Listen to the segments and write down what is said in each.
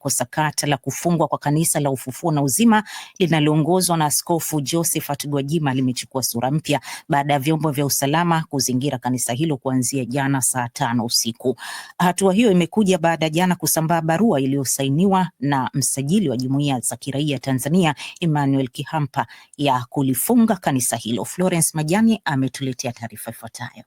kwa sakata la kufungwa kwa kanisa la ufufuo na uzima linaloongozwa na Askofu Josephat Gwajima limechukua sura mpya baada ya vyombo vya usalama kuzingira kanisa hilo kuanzia jana saa tano usiku. Hatua hiyo imekuja baada ya jana kusambaa barua iliyosainiwa na msajili wa jumuiya za kiraia Tanzania Emmanuel Kihampa ya kulifunga kanisa hilo. Florence Majani ametuletea taarifa ifuatayo.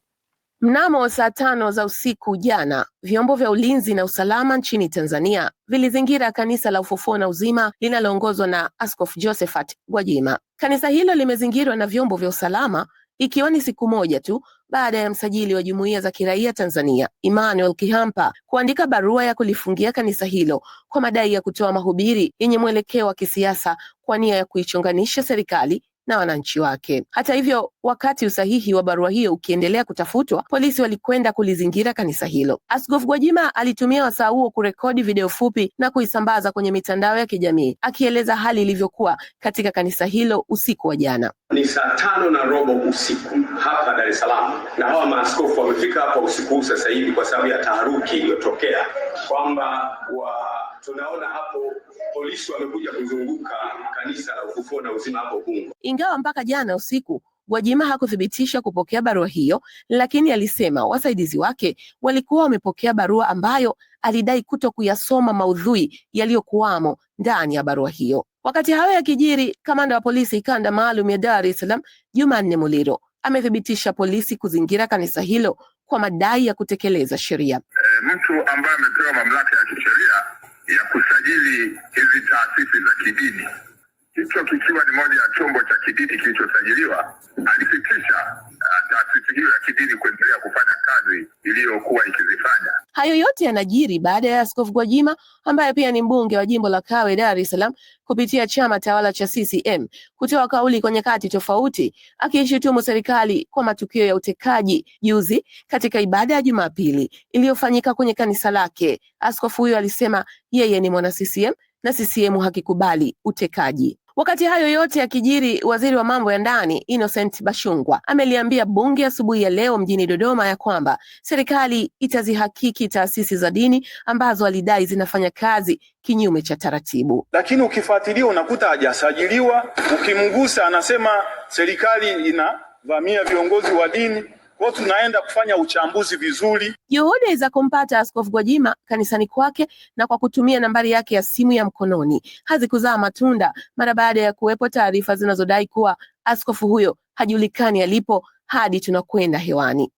Mnamo saa tano za usiku jana, vyombo vya ulinzi na usalama nchini Tanzania vilizingira kanisa la Ufufuo na Uzima linaloongozwa na Askofu Josephat Gwajima. Kanisa hilo limezingirwa na vyombo vya usalama ikiwa ni siku moja tu baada ya msajili wa jumuiya za kiraia Tanzania Emmanuel Kihampa kuandika barua ya kulifungia kanisa hilo kwa madai ya kutoa mahubiri yenye mwelekeo wa kisiasa kwa nia ya kuichonganisha serikali na wananchi wake. Hata hivyo, wakati usahihi wa barua hiyo ukiendelea kutafutwa, polisi walikwenda kulizingira kanisa hilo. Askofu Gwajima alitumia wasaa huo kurekodi video fupi na kuisambaza kwenye mitandao ya kijamii akieleza hali ilivyokuwa katika kanisa hilo usiku wa jana. Ni saa tano na robo usiku hapa Dar es Salaam, na hawa maaskofu wamefika hapa usiku huu sasa hivi kwa sababu ya taharuki iliyotokea kwamba wa tunaona hapo polisi wamekuja kuzunguka Kanisa la Ufufuo na Uzima hapo Ubungo. Ingawa mpaka jana usiku Gwajima hakuthibitisha kupokea barua hiyo, lakini alisema wasaidizi wake walikuwa wamepokea barua ambayo alidai kuto kuyasoma maudhui yaliyokuwamo ndani ya barua hiyo. Wakati hayo yakijiri, kamanda wa polisi kanda maalum ya Dar es Salaam Jumanne Muliro amethibitisha polisi kuzingira kanisa hilo kwa madai ya kutekeleza sheria. E, mtu ambaye amepewa mamlaka moja ya chombo cha kidini kilichosajiliwa alifikisha ah, taasisi hiyo ya kidini kuendelea kufanya kazi iliyokuwa ikizifanya. Hayo yote yanajiri baada ya Askofu Gwajima ambaye pia ni mbunge wa jimbo la Kawe, Dar es Salaam, kupitia chama tawala cha CCM kutoa kauli kwa nyakati tofauti akiishutumu serikali kwa matukio ya utekaji. Juzi katika ibada ya Jumapili iliyofanyika kwenye kanisa lake, askofu huyo alisema yeye ni mwana CCM na CCM hakikubali utekaji. Wakati hayo yote yakijiri, waziri wa mambo ya ndani Innocent Bashungwa ameliambia bunge asubuhi ya, ya leo mjini Dodoma ya kwamba serikali itazihakiki taasisi za dini ambazo alidai zinafanya kazi kinyume cha taratibu. Lakini ukifuatilia unakuta hajasajiliwa, ukimgusa anasema serikali inavamia viongozi wa dini. Kwa hiyo tunaenda kufanya uchambuzi vizuri. Juhudi za kumpata Askofu Gwajima kanisani kwake na kwa kutumia nambari yake ya simu ya mkononi hazikuzaa matunda mara baada ya kuwepo taarifa zinazodai kuwa askofu huyo hajulikani alipo hadi tunakwenda hewani.